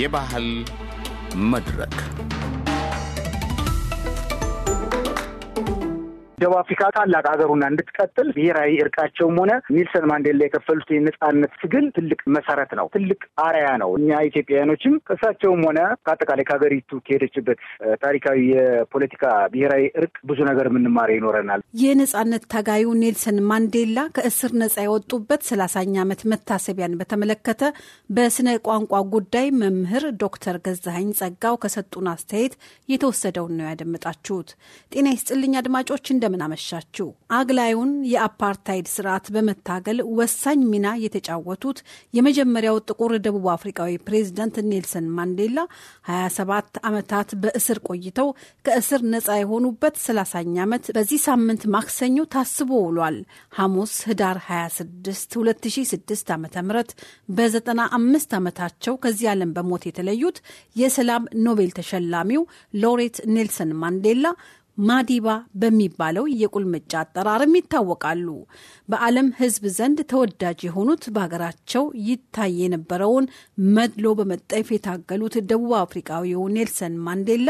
ये ባህል መድረክ ደቡብ አፍሪካ ታላቅ ሀገሩና እንድትቀጥል ብሔራዊ እርቃቸውም ሆነ ኔልሰን ማንዴላ የከፈሉት የነጻነት ትግል ትልቅ መሰረት ነው፣ ትልቅ አርያ ነው። እኛ ኢትዮጵያውያኖችም ከእሳቸውም ሆነ ከአጠቃላይ ከሀገሪቱ ከሄደችበት ታሪካዊ የፖለቲካ ብሔራዊ እርቅ ብዙ ነገር የምንማረው ይኖረናል። የነጻነት ታጋዩ ኔልሰን ማንዴላ ከእስር ነጻ የወጡበት ሰላሳኛ ዓመት መታሰቢያን በተመለከተ በስነ ቋንቋ ጉዳይ መምህር ዶክተር ገዛሀኝ ጸጋው ከሰጡን አስተያየት የተወሰደውን ነው ያደመጣችሁት። ጤና ይስጥልኝ አድማጮች እንደ እንደምን አመሻችሁ። አግላዩን የአፓርታይድ ስርዓት በመታገል ወሳኝ ሚና የተጫወቱት የመጀመሪያው ጥቁር ደቡብ አፍሪካዊ ፕሬዝዳንት ኔልሰን ማንዴላ 27 ዓመታት በእስር ቆይተው ከእስር ነጻ የሆኑበት 30ኛ ዓመት በዚህ ሳምንት ማክሰኞ ታስቦ ውሏል። ሐሙስ ህዳር 26 2006 ዓ ም በ95 ዓመታቸው ከዚህ ዓለም በሞት የተለዩት የሰላም ኖቤል ተሸላሚው ሎሬት ኔልሰን ማንዴላ ማዲባ በሚባለው የቁልምጫ አጠራርም ይታወቃሉ። በዓለም ሕዝብ ዘንድ ተወዳጅ የሆኑት በሀገራቸው ይታይ የነበረውን መድሎ በመጠየፍ የታገሉት ደቡብ አፍሪካዊው ኔልሰን ማንዴላ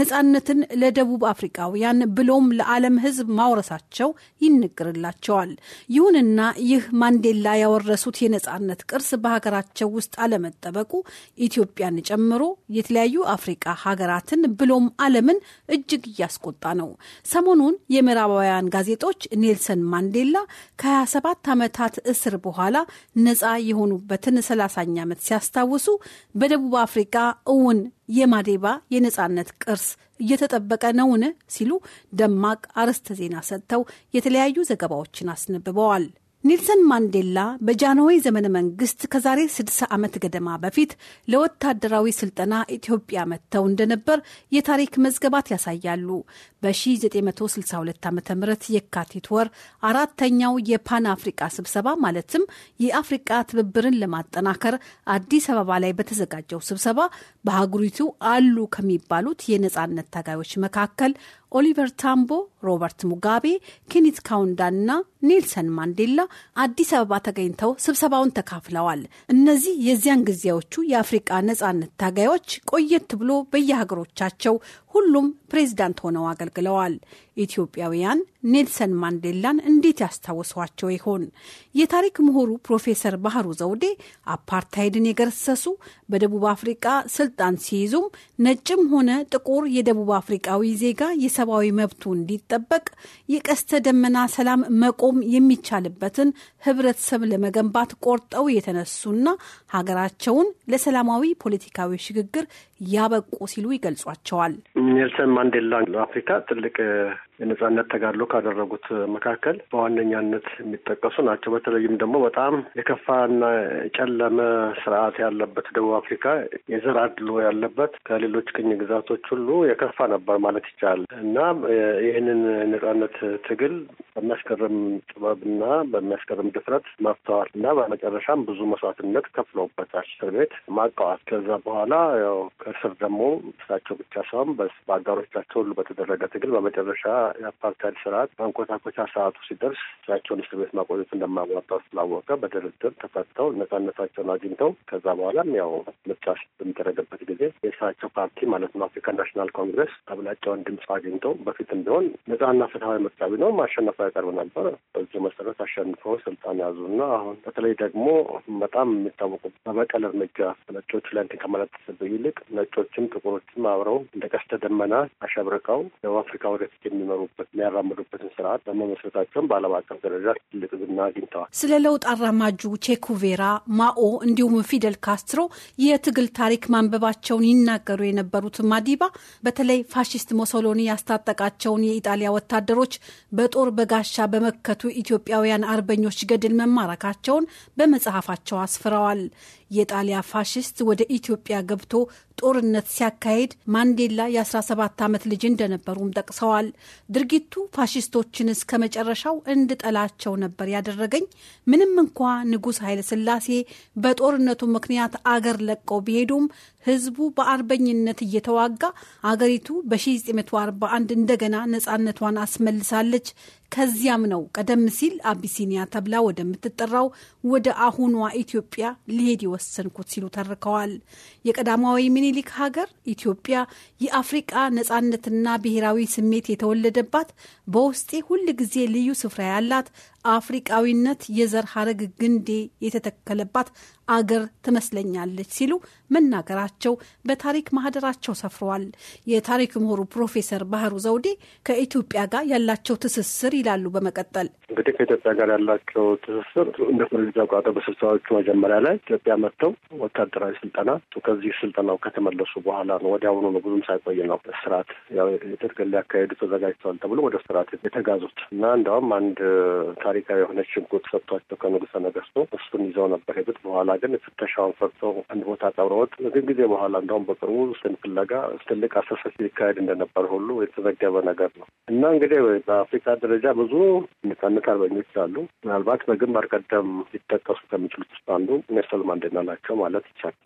ነፃነትን ለደቡብ አፍሪካውያን ብሎም ለዓለም ሕዝብ ማውረሳቸው ይነግርላቸዋል። ይሁንና ይህ ማንዴላ ያወረሱት የነፃነት ቅርስ በሀገራቸው ውስጥ አለመጠበቁ ኢትዮጵያን ጨምሮ የተለያዩ አፍሪቃ ሀገራትን ብሎም ዓለምን እጅግ እያስቆጣ ነው። ሰሞኑን የምዕራባውያን ጋዜጦች ኔልሰን ማንዴላ ከ27 ዓመታት እስር በኋላ ነፃ የሆኑበትን 30ኛ ዓመት ሲያስታውሱ በደቡብ አፍሪካ እውን የማዴባ የነፃነት ቅርስ እየተጠበቀ ነውን ሲሉ ደማቅ አርዕስተ ዜና ሰጥተው የተለያዩ ዘገባዎችን አስነብበዋል። ኔልሰን ማንዴላ በጃንሆይ ዘመነ መንግስት ከዛሬ 60 ዓመት ገደማ በፊት ለወታደራዊ ስልጠና ኢትዮጵያ መጥተው እንደነበር የታሪክ መዝገባት ያሳያሉ። በ1962 ዓ ም የካቲት ወር አራተኛው የፓን አፍሪቃ ስብሰባ ማለትም የአፍሪቃ ትብብርን ለማጠናከር አዲስ አበባ ላይ በተዘጋጀው ስብሰባ በሀገሪቱ አሉ ከሚባሉት የነጻነት ታጋዮች መካከል ኦሊቨር ታምቦ፣ ሮበርት ሙጋቤ፣ ኬኒት ካውንዳ እና ኔልሰን ማንዴላ አዲስ አበባ ተገኝተው ስብሰባውን ተካፍለዋል። እነዚህ የዚያን ጊዜዎቹ የአፍሪቃ ነጻነት ታጋዮች ቆየት ብሎ በየሀገሮቻቸው ሁሉም ፕሬዚዳንት ሆነው አገልግለዋል። ኢትዮጵያውያን ኔልሰን ማንዴላን እንዴት ያስታውሰዋቸው ይሆን? የታሪክ ምሁሩ ፕሮፌሰር ባህሩ ዘውዴ አፓርታይድን የገረሰሱ በደቡብ አፍሪቃ ስልጣን ሲይዙም ነጭም ሆነ ጥቁር የደቡብ አፍሪቃዊ ዜጋ የሰብአዊ መብቱ እንዲጠበቅ የቀስተ ደመና ሰላም መቆም የሚቻልበትን ህብረተሰብ ለመገንባት ቆርጠው የተነሱና ሀገራቸውን ለሰላማዊ ፖለቲካዊ ሽግግር ያበቁ ሲሉ ይገልጿቸዋል። ኔልሰን ማንዴላ ለአፍሪካ ትልቅ የነጻነት ተጋድሎ ካደረጉት መካከል በዋነኛነት የሚጠቀሱ ናቸው። በተለይም ደግሞ በጣም የከፋና የጨለመ ስርዓት ያለበት ደቡብ አፍሪካ የዘር አድሎ ያለበት ከሌሎች ቅኝ ግዛቶች ሁሉ የከፋ ነበር ማለት ይቻላል እና ይህንን ነጻነት ትግል በሚያስገርም ጥበብና በሚያስገርም ድፍረት መፍተዋል እና በመጨረሻም ብዙ መስዋዕትነት ከፍለውበታል። እስር ቤት ማቃዋት። ከዛ በኋላ ያው ከእስር ደግሞ እሳቸው ብቻ ሳይሆን በአጋሮቻቸው ሁሉ በተደረገ ትግል በመጨረሻ የአፓርታይድ ስርዓት ማንኮታኮቻ ሰዓቱ ሲደርስ እሳቸውን እስር ቤት ማቆየት እንደማያዋጣው ስላወቀ በድርድር ተፈተው ነጻነታቸውን አግኝተው ከዛ በኋላም ያው ምርጫ በሚደረገበት ጊዜ የእሳቸው ፓርቲ ማለት ነው አፍሪካ ናሽናል ኮንግረስ አብላጫውን ድምፅ አግኝተው በፊትም ቢሆን ነጻና ፍትሐዊ ምርጫ ቢኖር ማሸነፍ ያቀርብ ነበር። በዚሁ መሰረት አሸንፈው ስልጣን ያዙ እና አሁን በተለይ ደግሞ በጣም የሚታወቁ በበቀል እርምጃ ነጮቹ ላይ እንትን ከመለጠፍ ይልቅ ነጮችም ጥቁሮችም አብረው እንደ ቀስተ ደመና አሸብርቀው ደቡብ አፍሪካ ወደፊት የሚመ የሚመሩበት የሚያራምዱበትን ስርዓት በመመስረታቸውን በዓለም አቀፍ ደረጃ ትልቅ ዝና አግኝተዋል። ስለ ለውጥ አራማጁ ቼኩቬራ፣ ማኦ እንዲሁም ፊደል ካስትሮ የትግል ታሪክ ማንበባቸውን ይናገሩ የነበሩት ማዲባ በተለይ ፋሽስት ሞሶሎኒ ያስታጠቃቸውን የኢጣሊያ ወታደሮች በጦር በጋሻ በመከቱ ኢትዮጵያውያን አርበኞች ገድል መማረካቸውን በመጽሐፋቸው አስፍረዋል። የጣሊያ ፋሽስት ወደ ኢትዮጵያ ገብቶ ጦርነት ሲያካሄድ ማንዴላ የ17 ዓመት ልጅ እንደነበሩም ጠቅሰዋል። ድርጊቱ ፋሽስቶችን እስከ መጨረሻው እንድጠላቸው ነበር ያደረገኝ። ምንም እንኳ ንጉሥ ኃይለ ሥላሴ በጦርነቱ ምክንያት አገር ለቀው ቢሄዱም ህዝቡ በአርበኝነት እየተዋጋ አገሪቱ በ1941 እንደገና ነፃነቷን አስመልሳለች። ከዚያም ነው ቀደም ሲል አቢሲኒያ ተብላ ወደምትጠራው ወደ አሁኗ ኢትዮጵያ ሊሄድ የወሰንኩት ሲሉ ተርከዋል። የቀዳማዊ ምኒልክ ሀገር ኢትዮጵያ የአፍሪቃ ነፃነትና ብሔራዊ ስሜት የተወለደባት በውስጤ ሁል ጊዜ ልዩ ስፍራ ያላት አፍሪቃዊነት የዘር ሀረግ ግንዴ የተተከለባት አገር ትመስለኛለች ሲሉ መናገራቸው በታሪክ ማህደራቸው ሰፍረዋል። የታሪክ ምሁሩ ፕሮፌሰር ባህሩ ዘውዴ ከኢትዮጵያ ጋር ያላቸው ትስስር ይላሉ። በመቀጠል እንግዲህ ከኢትዮጵያ ጋር ያላቸው ትስስር እንደ ፖለቲካ አቋጠ በስልሳዎቹ መጀመሪያ ላይ ኢትዮጵያ መጥተው ወታደራዊ ስልጠና ከዚህ ስልጠናው ከተመለሱ በኋላ ነው። ወዲያውኑ ነው፣ ብዙም ሳይቆይ ነው ስርዓት ያው የትግል ሊያካሄዱ ተዘጋጅተዋል ተብሎ ወደ ስርዓት የተጋዙት እና እንዲያውም አንድ ታሪክ ታሪካዊ የሆነ ሽንኩርት ሰጥቷቸው ከንጉሠ ነገሥቱ እሱን ይዘው ነበር ሄዱት። በኋላ ግን ፍተሻውን ፈርተው አንድ ቦታ ጠብረውት ግን ጊዜ በኋላ እንደውም በቅርቡ ስን ፍለጋ ትልቅ አሰሰት ሊካሄድ እንደነበር ሁሉ የተዘገበ ነገር ነው እና እንግዲህ በአፍሪካ ደረጃ ብዙ ነጻነት አርበኞች አሉ። ምናልባት በግንባር ቀደም ሊጠቀሱ ከሚችሉት ውስጥ አንዱ ኔልሰን ማንዴላ ናቸው ማለት ይቻላል።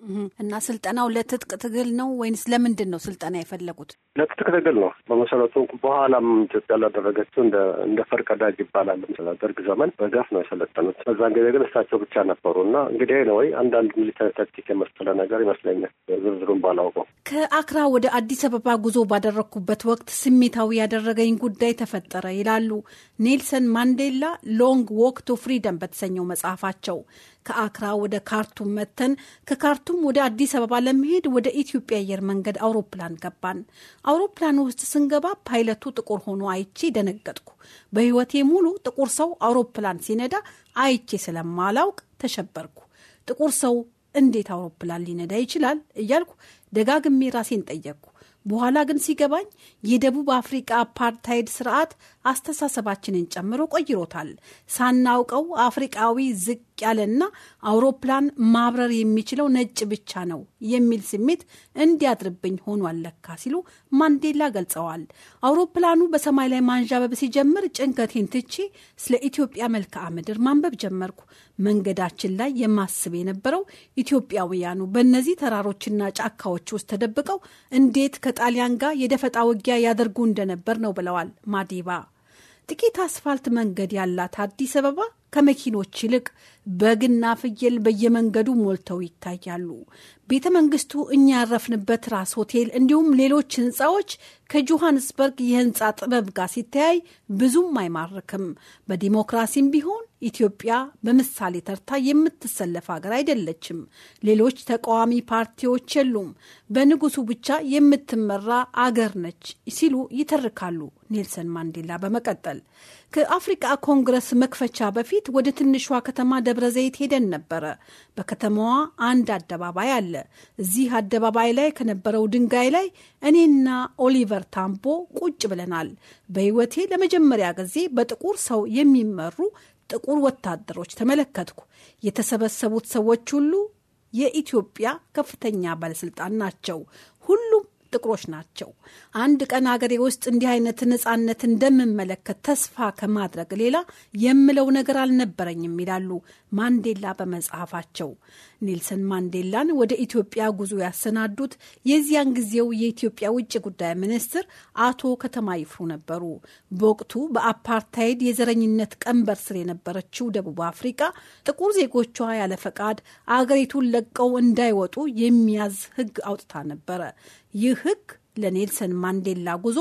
እና ስልጠናው ለትጥቅ ትግል ነው ወይንስ ለምንድን ነው ስልጠና የፈለጉት? ለትጥቅ ትግል ነው በመሰረቱ። በኋላም ኢትዮጵያ ላደረገችው እንደ ፈርቀዳጅ ይባላል ይባላል በደርግ ዘመን በጋፍ ነው የሰለጠኑት። በዛን ጊዜ ግን እሳቸው ብቻ ነበሩ እና እንግዲህ ነ ወይ አንዳንድ ሚሊታሪ ታክቲክ የመሰለ ነገር ይመስለኛል። ዝርዝሩን ባላውቀው ከአክራ ወደ አዲስ አበባ ጉዞ ባደረግኩበት ወቅት ስሜታዊ ያደረገኝ ጉዳይ ተፈጠረ ይላሉ ኔልሰን ማንዴላ ሎንግ ዎክ ቱ ፍሪደም በተሰኘው መጽሐፋቸው። ከአክራ ወደ ካርቱም መተን ከካርቱም ወደ አዲስ አበባ ለመሄድ ወደ ኢትዮጵያ አየር መንገድ አውሮፕላን ገባን። አውሮፕላን ውስጥ ስንገባ ፓይለቱ ጥቁር ሆኖ አይቼ ደነገጥኩ። በሕይወቴ ሙሉ ጥቁር ሰው አውሮፕላን ሲነዳ አይቼ ስለማላውቅ ተሸበርኩ። ጥቁር ሰው እንዴት አውሮፕላን ሊነዳ ይችላል እያልኩ ደጋግሜ ራሴን ጠየቅኩ። በኋላ ግን ሲገባኝ የደቡብ አፍሪቃ አፓርታይድ ስርዓት አስተሳሰባችንን ጨምሮ ቆይሮታል። ሳናውቀው አፍሪቃዊ ዝቅ ያለና አውሮፕላን ማብረር የሚችለው ነጭ ብቻ ነው የሚል ስሜት እንዲያድርብኝ ሆኖ አለካ ሲሉ ማንዴላ ገልጸዋል። አውሮፕላኑ በሰማይ ላይ ማንዣበብ ሲጀምር ጭንቀቴን ትቼ ስለ ኢትዮጵያ መልክዓ ምድር ማንበብ ጀመርኩ። መንገዳችን ላይ የማስብ የነበረው ኢትዮጵያውያኑ በእነዚህ ተራሮችና ጫካዎች ውስጥ ተደብቀው እንዴት ከጣሊያን ጋር የደፈጣ ውጊያ ያደርጉ እንደነበር ነው ብለዋል ማዲባ። ጥቂት አስፋልት መንገድ ያላት አዲስ አበባ ከመኪኖች ይልቅ በግና ፍየል በየመንገዱ ሞልተው ይታያሉ። ቤተ መንግስቱ፣ እኛ ያረፍንበት ራስ ሆቴል እንዲሁም ሌሎች ህንፃዎች ከጆሃንስበርግ የህንፃ ጥበብ ጋር ሲተያይ ብዙም አይማርክም። በዲሞክራሲም ቢሆን ኢትዮጵያ በምሳሌ ተርታ የምትሰለፍ ሀገር አይደለችም። ሌሎች ተቃዋሚ ፓርቲዎች የሉም። በንጉሱ ብቻ የምትመራ አገር ነች ሲሉ ይተርካሉ ኔልሰን ማንዴላ በመቀጠል ከአፍሪቃ ኮንግረስ መክፈቻ በፊት ወደ ትንሿ ከተማ ደብረ ዘይት ሄደን ነበረ። በከተማዋ አንድ አደባባይ አለ። እዚህ አደባባይ ላይ ከነበረው ድንጋይ ላይ እኔና ኦሊቨር ታምቦ ቁጭ ብለናል። በሕይወቴ ለመጀመሪያ ጊዜ በጥቁር ሰው የሚመሩ ጥቁር ወታደሮች ተመለከትኩ። የተሰበሰቡት ሰዎች ሁሉ የኢትዮጵያ ከፍተኛ ባለስልጣን ናቸው። ሁሉም ጥቁሮች ናቸው። አንድ ቀን አገሬ ውስጥ እንዲህ አይነት ነጻነት እንደምመለከት ተስፋ ከማድረግ ሌላ የምለው ነገር አልነበረኝም ይላሉ ማንዴላ በመጽሐፋቸው። ኔልሰን ማንዴላን ወደ ኢትዮጵያ ጉዞ ያሰናዱት የዚያን ጊዜው የኢትዮጵያ ውጭ ጉዳይ ሚኒስትር አቶ ከተማ ይፍሩ ነበሩ። በወቅቱ በአፓርታይድ የዘረኝነት ቀንበር ስር የነበረችው ደቡብ አፍሪቃ ጥቁር ዜጎቿ ያለ ፈቃድ አገሪቱን ለቀው እንዳይወጡ የሚያዝ ሕግ አውጥታ ነበረ። ይህ ሕግ ለኔልሰን ማንዴላ ጉዞ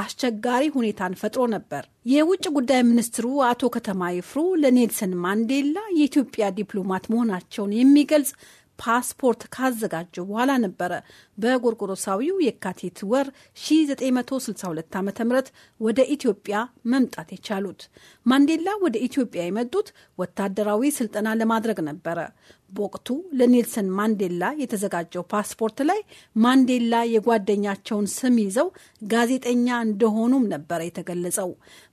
አስቸጋሪ ሁኔታን ፈጥሮ ነበር። የውጭ ጉዳይ ሚኒስትሩ አቶ ከተማ ይፍሩ ለኔልሰን ማንዴላ የኢትዮጵያ ዲፕሎማት መሆናቸውን የሚገልጽ ፓስፖርት ካዘጋጁ በኋላ ነበረ በጎርጎሮሳዊው የካቲት ወር 1962 ዓ ም ወደ ኢትዮጵያ መምጣት የቻሉት። ማንዴላ ወደ ኢትዮጵያ የመጡት ወታደራዊ ስልጠና ለማድረግ ነበረ። በወቅቱ ለኔልሰን ማንዴላ የተዘጋጀው ፓስፖርት ላይ ማንዴላ የጓደኛቸውን ስም ይዘው ጋዜጠኛ እንደሆኑም ነበረ የተገለጸው።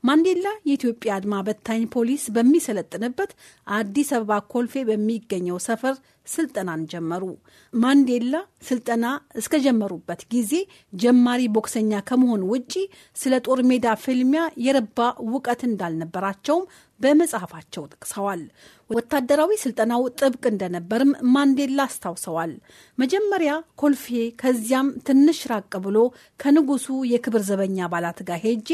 ማንዴላ የኢትዮጵያ አድማ በታኝ ፖሊስ በሚሰለጥንበት አዲስ አበባ ኮልፌ በሚገኘው ሰፈር ስልጠናን ጀመሩ። ማንዴላ ስልጠና እስከጀመሩበት ጊዜ ጀማሪ ቦክሰኛ ከመሆን ውጪ ስለ ጦር ሜዳ ፍልሚያ የረባ እውቀት እንዳልነበራቸውም በመጽሐፋቸው ጠቅሰዋል። ወታደራዊ ስልጠናው ጥብቅ እንደነበርም ማንዴላ አስታውሰዋል። መጀመሪያ ኮልፌ፣ ከዚያም ትንሽ ራቅ ብሎ ከንጉሱ የክብር ዘበኛ አባላት ጋር ሄጄ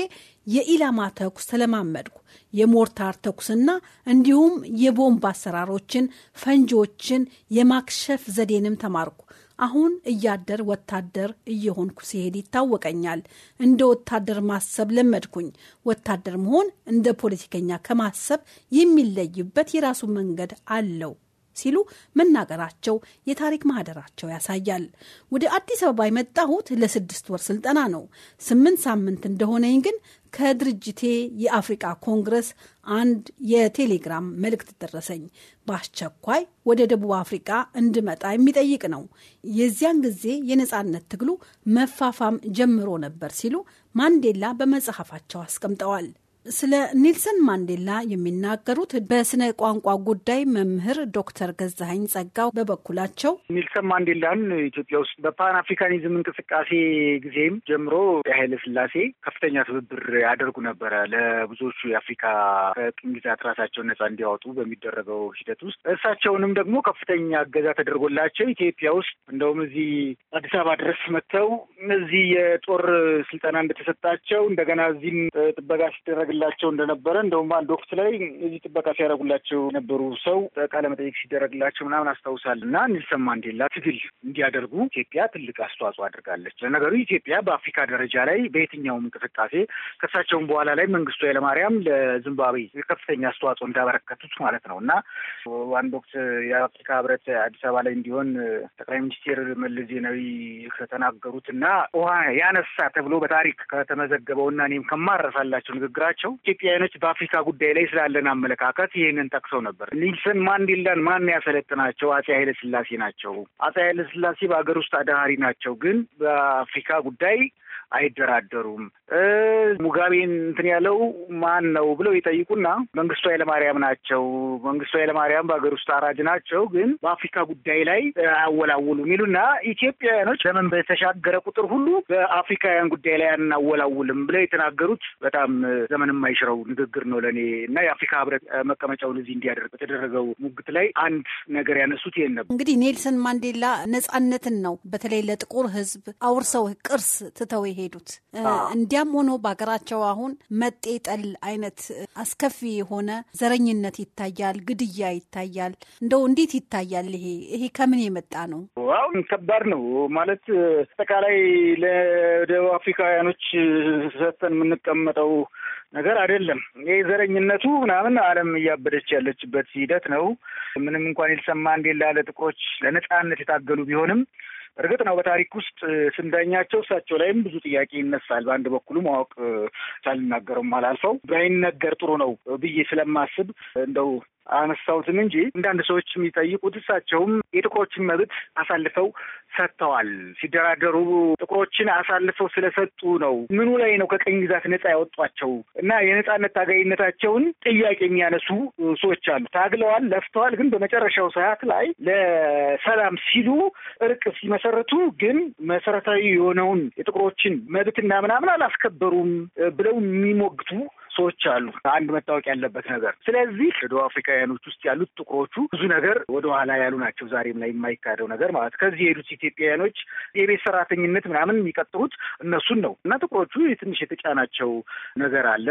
የኢላማ ተኩስ ተለማመድኩ። የሞርታር ተኩስና እንዲሁም የቦምብ አሰራሮችን፣ ፈንጂዎችን የማክሸፍ ዘዴንም ተማርኩ። አሁን እያደር ወታደር እየሆንኩ ሲሄድ ይታወቀኛል። እንደ ወታደር ማሰብ ለመድኩኝ። ወታደር መሆን እንደ ፖለቲከኛ ከማሰብ የሚለይበት የራሱ መንገድ አለው ሲሉ መናገራቸው የታሪክ ማህደራቸው ያሳያል። ወደ አዲስ አበባ የመጣሁት ለስድስት ወር ስልጠና ነው። ስምንት ሳምንት እንደሆነኝ ግን ከድርጅቴ የአፍሪቃ ኮንግረስ አንድ የቴሌግራም መልእክት ደረሰኝ። በአስቸኳይ ወደ ደቡብ አፍሪቃ እንድመጣ የሚጠይቅ ነው። የዚያን ጊዜ የነፃነት ትግሉ መፋፋም ጀምሮ ነበር ሲሉ ማንዴላ በመጽሐፋቸው አስቀምጠዋል። ስለ ኒልሰን ማንዴላ የሚናገሩት በስነ ቋንቋ ጉዳይ መምህር ዶክተር ገዛሀኝ ጸጋው በበኩላቸው ኒልሰን ማንዴላን ኢትዮጵያ ውስጥ በፓን አፍሪካኒዝም እንቅስቃሴ ጊዜም ጀምሮ ኃይለ ስላሴ ከፍተኛ ትብብር ያደርጉ ነበረ ለብዙዎቹ የአፍሪካ ቅኝ ግዛት ራሳቸውን ነጻ እንዲያወጡ በሚደረገው ሂደት ውስጥ እሳቸውንም ደግሞ ከፍተኛ እገዛ ተደርጎላቸው ኢትዮጵያ ውስጥ እንደውም እዚህ አዲስ አበባ ድረስ መጥተው እዚህ የጦር ስልጠና እንደተሰጣቸው እንደገና እዚህም ጥበቃ ሲደረግ ሲደረግላቸው እንደነበረ እንደውም አንድ ወቅት ላይ እዚህ ጥበቃ ሲያደረጉላቸው የነበሩ ሰው ቃለመጠይቅ ሲደረግላቸው ምናምን አስታውሳል እና ኔልሰን ማንዴላ ትግል እንዲያደርጉ ኢትዮጵያ ትልቅ አስተዋጽኦ አድርጋለች። ለነገሩ ኢትዮጵያ በአፍሪካ ደረጃ ላይ በየትኛውም እንቅስቃሴ ከሳቸውን በኋላ ላይ መንግስቱ ኃይለማርያም ለዚምባብዌ ከፍተኛ አስተዋጽኦ እንዳበረከቱት ማለት ነው እና አንድ ወቅት የአፍሪካ ህብረት አዲስ አበባ ላይ እንዲሆን ጠቅላይ ሚኒስቴር መለስ ዜናዊ ከተናገሩት እና ውሃ ያነሳ ተብሎ በታሪክ ከተመዘገበው እና እኔም ከማረሳላቸው ንግግራቸው ናቸው። ኢትዮጵያውያኖች በአፍሪካ ጉዳይ ላይ ስላለን አመለካከት ይህንን ጠቅሰው ነበር። ኔልሰን ማንዴላን ማን ያሰለጥናቸው? አጼ ኃይለ ስላሴ ናቸው። አጼ ኃይለ ስላሴ በሀገር ውስጥ አዳሃሪ ናቸው፣ ግን በአፍሪካ ጉዳይ አይደራደሩም። ሙጋቤን እንትን ያለው ማን ነው ብለው ይጠይቁና መንግስቱ ኃይለማርያም ናቸው። መንግስቱ ኃይለማርያም በሀገር ውስጥ አራጅ ናቸው፣ ግን በአፍሪካ ጉዳይ ላይ አያወላውሉም ይሉና ኢትዮጵያውያኖች ዘመን በተሻገረ ቁጥር ሁሉ በአፍሪካውያን ጉዳይ ላይ አናወላውልም ብለው የተናገሩት በጣም ዘመን የማይሽረው ንግግር ነው ለእኔ እና የአፍሪካ ህብረት መቀመጫውን እዚህ እንዲያደርግ በተደረገው ሙግት ላይ አንድ ነገር ያነሱት ይሄን ነበር። እንግዲህ ኔልሰን ማንዴላ ነጻነትን ነው በተለይ ለጥቁር ህዝብ አውርሰው ቅርስ ትተው የሄዱት። እንዲያም ሆኖ በሀገራቸው አሁን መጤጠል አይነት አስከፊ የሆነ ዘረኝነት ይታያል፣ ግድያ ይታያል። እንደው እንዴት ይታያል? ይሄ ይሄ ከምን የመጣ ነው? አሁን ከባድ ነው ማለት አጠቃላይ ለደቡብ አፍሪካውያኖች ሰተን የምንቀመጠው ነገር አይደለም። ይህ ዘረኝነቱ ምናምን ዓለም እያበደች ያለችበት ሂደት ነው። ምንም እንኳን የተሰማ እንዴላ ላለ ለነጻነት የታገሉ ቢሆንም እርግጥ ነው በታሪክ ውስጥ ስንዳኛቸው እሳቸው ላይም ብዙ ጥያቄ ይነሳል። በአንድ በኩሉ ማወቅ ሳልናገርም አላልፈው ባይነገር ጥሩ ነው ብዬ ስለማስብ እንደው አነሳሁትም እንጂ አንዳንድ ሰዎች የሚጠይቁት እሳቸውም የጥቁሮችን መብት አሳልፈው ሰጥተዋል። ሲደራደሩ ጥቁሮችን አሳልፈው ስለሰጡ ነው። ምኑ ላይ ነው ከቀኝ ግዛት ነጻ ያወጧቸው? እና የነጻነት ታጋይነታቸውን ጥያቄ የሚያነሱ ሰዎች አሉ። ታግለዋል፣ ለፍተዋል። ግን በመጨረሻው ሰዓት ላይ ለሰላም ሲሉ እርቅ ሲመሰረቱ ግን መሰረታዊ የሆነውን የጥቁሮችን መብትና ምናምን አላስከበሩም ብለው የሚሞግቱ ሰዎች አሉ። አንድ መታወቅ ያለበት ነገር። ስለዚህ ደቡብ አፍሪካውያኖች ውስጥ ያሉት ጥቁሮቹ ብዙ ነገር ወደኋላ ያሉ ናቸው። ዛሬም ላይ የማይካደው ነገር ማለት ከዚህ የሄዱት ኢትዮጵያውያኖች የቤት ሰራተኝነት ምናምን የሚቀጥሩት እነሱን ነው እና ጥቁሮቹ ትንሽ የተጫናቸው ነገር አለ።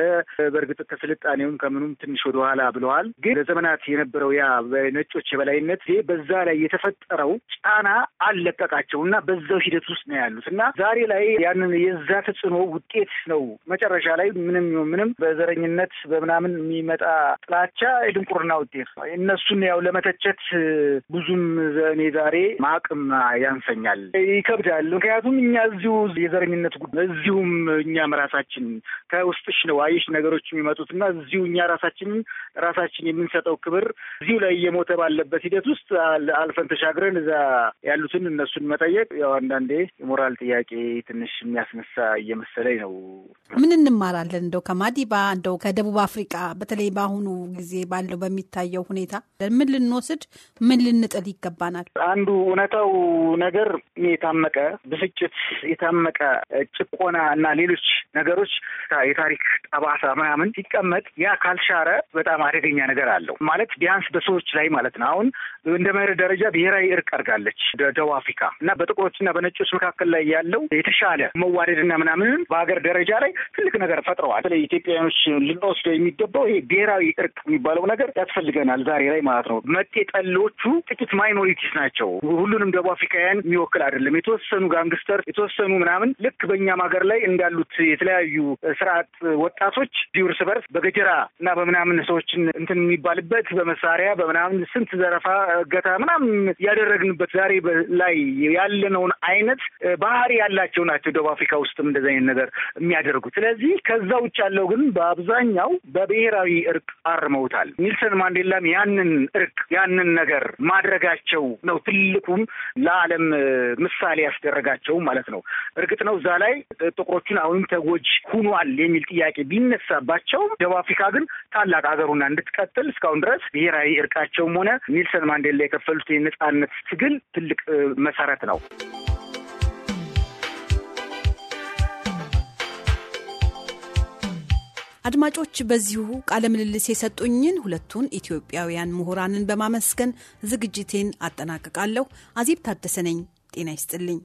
በእርግጥ ከስልጣኔውም ከምኑም ትንሽ ወደኋላ ብለዋል። ግን ለዘመናት የነበረው ያ ነጮች የበላይነት በዛ ላይ የተፈጠረው ጫና አልለቀቃቸው እና በዛው ሂደት ውስጥ ነው ያሉት እና ዛሬ ላይ ያንን የዛ ተጽዕኖ ውጤት ነው መጨረሻ ላይ ምንም ምንም በዘረኝነት በምናምን የሚመጣ ጥላቻ የድንቁርና ውጤት ነው። እነሱን ያው ለመተቸት ብዙም እኔ ዛሬ ማቅም ያንሰኛል፣ ይከብዳል። ምክንያቱም እኛ እዚሁ የዘረኝነት ጉዳይ እዚሁም እኛም ራሳችን ከውስጥሽ ነው አይሽ ነገሮች የሚመጡት እና እዚሁ እኛ ራሳችን ራሳችን የምንሰጠው ክብር እዚሁ ላይ እየሞተ ባለበት ሂደት ውስጥ አልፈን ተሻግረን እዛ ያሉትን እነሱን መጠየቅ ያው አንዳንዴ የሞራል ጥያቄ ትንሽ የሚያስነሳ እየመሰለኝ ነው። ምን እንማራለን እንደው ከማዲባ እንደው ከደቡብ አፍሪቃ በተለይ በአሁኑ ጊዜ ባለው በሚታየው ሁኔታ ምን ልንወስድ ምን ልንጥል ይገባናል? አንዱ እውነታው ነገር የታመቀ ብስጭት፣ የታመቀ ጭቆና እና ሌሎች ነገሮች የታሪክ ጠባሳ ምናምን ሲቀመጥ ያ ካልሻረ በጣም አደገኛ ነገር አለው ማለት ቢያንስ በሰዎች ላይ ማለት ነው። አሁን እንደ መርህ ደረጃ ብሔራዊ እርቅ አድርጋለች ደቡብ አፍሪካ እና በጥቁሮችና በነጮች መካከል ላይ ያለው የተሻለ መዋደድና ምናምንን በሀገር ደረጃ ላይ ትልቅ ነገር ፈጥረዋል። በተለይ ኢትዮጵያ ኢትዮጵያኖች ልንወስደው የሚገባው ይሄ ብሔራዊ እርቅ የሚባለው ነገር ያስፈልገናል ዛሬ ላይ ማለት ነው። መጤ ጠሎቹ ጥቂት ማይኖሪቲስ ናቸው። ሁሉንም ደቡብ አፍሪካውያን የሚወክል አይደለም። የተወሰኑ ጋንግስተር፣ የተወሰኑ ምናምን ልክ በእኛም ሀገር ላይ እንዳሉት የተለያዩ ስርዓት ወጣቶች እዚሁ እርስ በርስ በገጀራ እና በምናምን ሰዎችን እንትን የሚባልበት በመሳሪያ በምናምን ስንት ዘረፋ፣ እገታ ምናምን ያደረግንበት ዛሬ ላይ ያለነውን አይነት ባህሪ ያላቸው ናቸው። ደቡብ አፍሪካ ውስጥም እንደዚህ አይነት ነገር የሚያደርጉት። ስለዚህ ከዛ ውጭ ያለው ግን በአብዛኛው በብሔራዊ እርቅ አርመውታል። ኒልሰን ማንዴላም ያንን እርቅ ያንን ነገር ማድረጋቸው ነው ትልቁም ለዓለም ምሳሌ ያስደረጋቸው ማለት ነው። እርግጥ ነው እዛ ላይ ጥቁሮቹን አሁንም ተጎጂ ሁኗል የሚል ጥያቄ ቢነሳባቸው ደቡብ አፍሪካ ግን ታላቅ ሀገሩና እንድትቀጥል እስካሁን ድረስ ብሔራዊ እርቃቸውም ሆነ ኒልሰን ማንዴላ የከፈሉት የነጻነት ትግል ትልቅ መሰረት ነው። አድማጮች በዚሁ ቃለ ምልልስ የሰጡኝን ሁለቱን ኢትዮጵያውያን ምሁራንን በማመስገን ዝግጅቴን አጠናቅቃለሁ። አዜብ ታደሰ ነኝ። ጤና ይስጥልኝ።